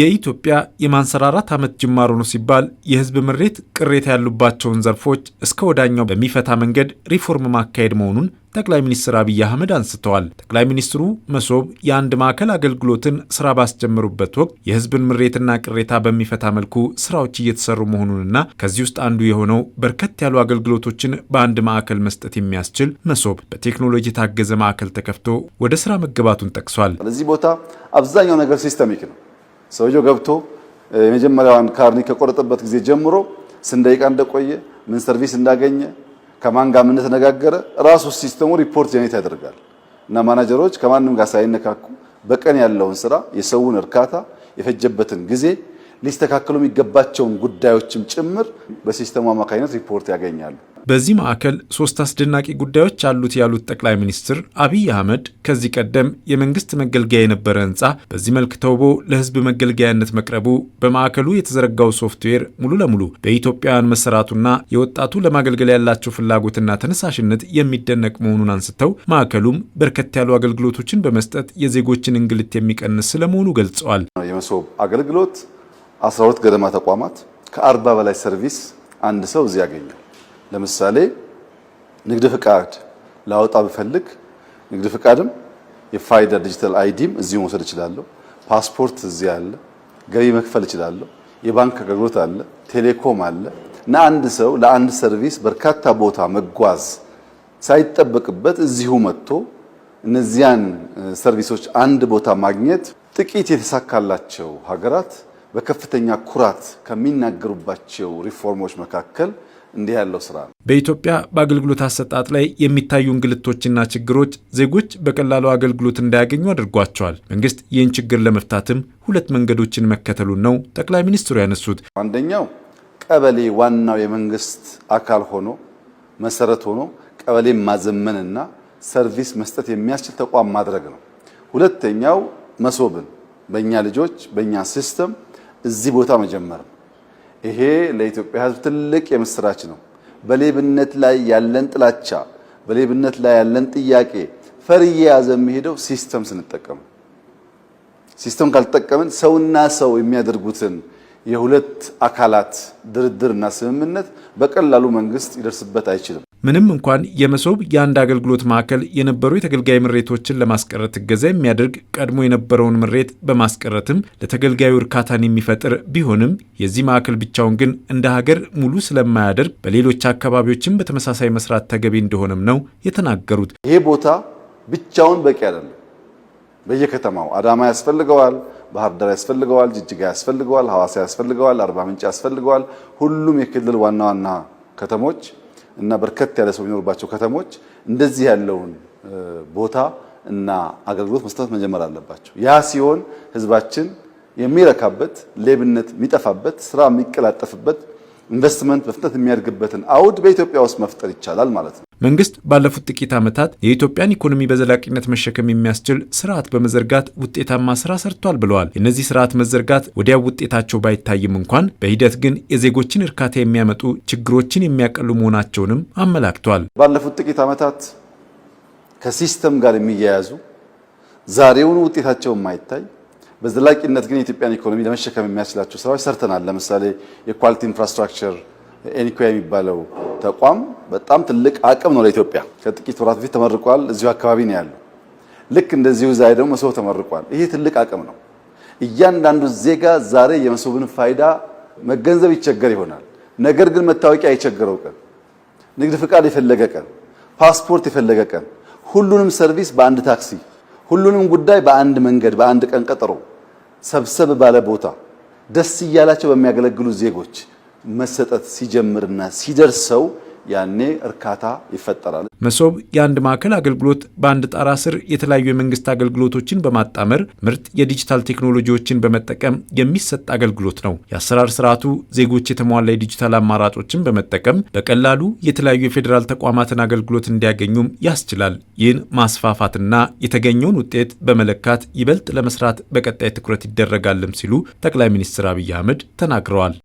የኢትዮጵያ የማንሰራራት ዓመት ጅማሮ ነው ሲባል የህዝብ ምሬት፣ ቅሬታ ያሉባቸውን ዘርፎች እስከ ወዳኛው በሚፈታ መንገድ ሪፎርም ማካሄድ መሆኑን ጠቅላይ ሚኒስትር አብይ አህመድ አንስተዋል። ጠቅላይ ሚኒስትሩ መሶብ የአንድ ማዕከል አገልግሎትን ስራ ባስጀመሩበት ወቅት የህዝብን ምሬትና ቅሬታ በሚፈታ መልኩ ስራዎች እየተሰሩ መሆኑንና ከዚህ ውስጥ አንዱ የሆነው በርከት ያሉ አገልግሎቶችን በአንድ ማዕከል መስጠት የሚያስችል መሶብ በቴክኖሎጂ የታገዘ ማዕከል ተከፍቶ ወደ ስራ መገባቱን ጠቅሷል። እዚህ ቦታ አብዛኛው ነገር ሲስተሚክ ነው ሰውየው ገብቶ የመጀመሪያዋን ካርኒ ከቆረጠበት ጊዜ ጀምሮ ስንት ደቂቃ እንደቆየ ምን ሰርቪስ እንዳገኘ ከማን ጋር ምን ተነጋገረ ራሱ ሲስተሙ ሪፖርት ጀኔት ያደርጋል። እና ማናጀሮች ከማንም ጋር ሳይነካኩ በቀን ያለውን ስራ፣ የሰውን እርካታ፣ የፈጀበትን ጊዜ ሊስተካከሉ የሚገባቸውን ጉዳዮችም ጭምር በሲስተሙ አማካኝነት ሪፖርት ያገኛሉ። በዚህ ማዕከል ሶስት አስደናቂ ጉዳዮች አሉት ያሉት ጠቅላይ ሚኒስትር አብይ አህመድ ከዚህ ቀደም የመንግስት መገልገያ የነበረ ህንፃ በዚህ መልክ ተውቦ ለህዝብ መገልገያነት መቅረቡ፣ በማዕከሉ የተዘረጋው ሶፍትዌር ሙሉ ለሙሉ በኢትዮጵያውያን መሰራቱና የወጣቱ ለማገልገል ያላቸው ፍላጎትና ተነሳሽነት የሚደነቅ መሆኑን አንስተው ማዕከሉም በርከት ያሉ አገልግሎቶችን በመስጠት የዜጎችን እንግልት የሚቀንስ ስለመሆኑ ገልጸዋል። የመሶብ አገልግሎት 12 ገደማ ተቋማት ከአርባ በላይ ሰርቪስ አንድ ሰው እዚህ ያገኛል። ለምሳሌ ንግድ ፍቃድ ላወጣ ብፈልግ ንግድ ፍቃድም የፋይዳ ዲጂታል አይዲም እዚሁ መውሰድ እችላለሁ። ፓስፖርት እዚህ አለ። ገቢ መክፈል እችላለሁ። የባንክ አገልግሎት አለ። ቴሌኮም አለ እና አንድ ሰው ለአንድ ሰርቪስ በርካታ ቦታ መጓዝ ሳይጠበቅበት እዚሁ መጥቶ እነዚያን ሰርቪሶች አንድ ቦታ ማግኘት ጥቂት የተሳካላቸው ሀገራት በከፍተኛ ኩራት ከሚናገሩባቸው ሪፎርሞች መካከል እንዲህ ያለው ስራ ነው። በኢትዮጵያ በአገልግሎት አሰጣጥ ላይ የሚታዩ እንግልቶችና ችግሮች ዜጎች በቀላሉ አገልግሎት እንዳያገኙ አድርጓቸዋል። መንግስት ይህን ችግር ለመፍታትም ሁለት መንገዶችን መከተሉን ነው ጠቅላይ ሚኒስትሩ ያነሱት። አንደኛው ቀበሌ ዋናው የመንግስት አካል ሆኖ መሰረት ሆኖ ቀበሌ ማዘመንና ሰርቪስ መስጠት የሚያስችል ተቋም ማድረግ ነው። ሁለተኛው መሶብን በእኛ ልጆች በእኛ ሲስተም እዚህ ቦታ መጀመር ይሄ ለኢትዮጵያ ሕዝብ ትልቅ የምስራች ነው። በሌብነት ላይ ያለን ጥላቻ፣ በሌብነት ላይ ያለን ጥያቄ ፈር እየያዘ የሚሄደው ሲስተም ስንጠቀም። ሲስተም ካልተጠቀምን ሰውና ሰው የሚያደርጉትን የሁለት አካላት ድርድርና ስምምነት በቀላሉ መንግስት ይደርስበት አይችልም። ምንም እንኳን የመሶብ የአንድ አገልግሎት ማዕከል የነበሩ የተገልጋይ ምሬቶችን ለማስቀረት እገዛ የሚያደርግ ቀድሞ የነበረውን ምሬት በማስቀረትም ለተገልጋዩ እርካታን የሚፈጥር ቢሆንም የዚህ ማዕከል ብቻውን ግን እንደ ሀገር ሙሉ ስለማያደርግ በሌሎች አካባቢዎችም በተመሳሳይ መስራት ተገቢ እንደሆነም ነው የተናገሩት። ይህ ቦታ ብቻውን በቂ አይደለም። በየከተማው አዳማ ያስፈልገዋል፣ ባህር ዳር ያስፈልገዋል፣ ጅጅጋ ያስፈልገዋል፣ ሐዋሳ ያስፈልገዋል፣ አርባ ምንጭ ያስፈልገዋል። ሁሉም የክልል ዋና ዋና ከተሞች እና በርከት ያለ ሰው የሚኖርባቸው ከተሞች እንደዚህ ያለውን ቦታ እና አገልግሎት መስጠት መጀመር አለባቸው። ያ ሲሆን ህዝባችን የሚረካበት፣ ሌብነት የሚጠፋበት፣ ስራ የሚቀላጠፍበት፣ ኢንቨስትመንት በፍጥነት የሚያድግበትን አውድ በኢትዮጵያ ውስጥ መፍጠር ይቻላል ማለት ነው። መንግስት ባለፉት ጥቂት ዓመታት የኢትዮጵያን ኢኮኖሚ በዘላቂነት መሸከም የሚያስችል ስርዓት በመዘርጋት ውጤታማ ስራ ሰርቷል ብለዋል። የእነዚህ ስርዓት መዘርጋት ወዲያው ውጤታቸው ባይታይም እንኳን በሂደት ግን የዜጎችን እርካታ የሚያመጡ ችግሮችን የሚያቀሉ መሆናቸውንም አመላክቷል። ባለፉት ጥቂት ዓመታት ከሲስተም ጋር የሚያያዙ ዛሬውን ውጤታቸው የማይታይ በዘላቂነት ግን የኢትዮጵያን ኢኮኖሚ ለመሸከም የሚያስችላቸው ስራዎች ሰርተናል። ለምሳሌ የኳሊቲ ኢንፍራስትራክቸር ኤኒኮያ የሚባለው ተቋም በጣም ትልቅ አቅም ነው ለኢትዮጵያ። ከጥቂት ወራት በፊት ተመርቋል። እዚሁ አካባቢ ነው ያለው። ልክ እንደዚሁ ዛሬ ደግሞ መሶብ ተመርቋል። ይሄ ትልቅ አቅም ነው። እያንዳንዱ ዜጋ ዛሬ የመሶብን ፋይዳ መገንዘብ ይቸገር ይሆናል። ነገር ግን መታወቂያ የቸገረው ቀን፣ ንግድ ፍቃድ የፈለገ ቀን፣ ፓስፖርት የፈለገ ቀን፣ ሁሉንም ሰርቪስ በአንድ ታክሲ፣ ሁሉንም ጉዳይ በአንድ መንገድ፣ በአንድ ቀን ቀጠሮ ሰብሰብ ባለ ቦታ ደስ እያላቸው በሚያገለግሉ ዜጎች መሰጠት ሲጀምርና ሲደርሰው ያኔ እርካታ ይፈጠራል። መሶብ የአንድ ማዕከል አገልግሎት በአንድ ጣራ ስር የተለያዩ የመንግስት አገልግሎቶችን በማጣመር ምርጥ የዲጂታል ቴክኖሎጂዎችን በመጠቀም የሚሰጥ አገልግሎት ነው። የአሰራር ስርዓቱ ዜጎች የተሟላ የዲጂታል አማራጮችን በመጠቀም በቀላሉ የተለያዩ የፌዴራል ተቋማትን አገልግሎት እንዲያገኙም ያስችላል። ይህን ማስፋፋትና የተገኘውን ውጤት በመለካት ይበልጥ ለመስራት በቀጣይ ትኩረት ይደረጋልም ሲሉ ጠቅላይ ሚኒስትር አብይ አህመድ ተናግረዋል።